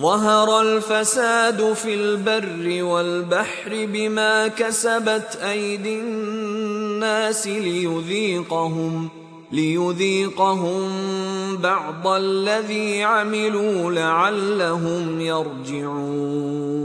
ظهر الفساد في البر والبحر بما كسبت أيدي الناس ليذيقهم ليذيقهم بعض الذي عملوا لعلهم يرجعون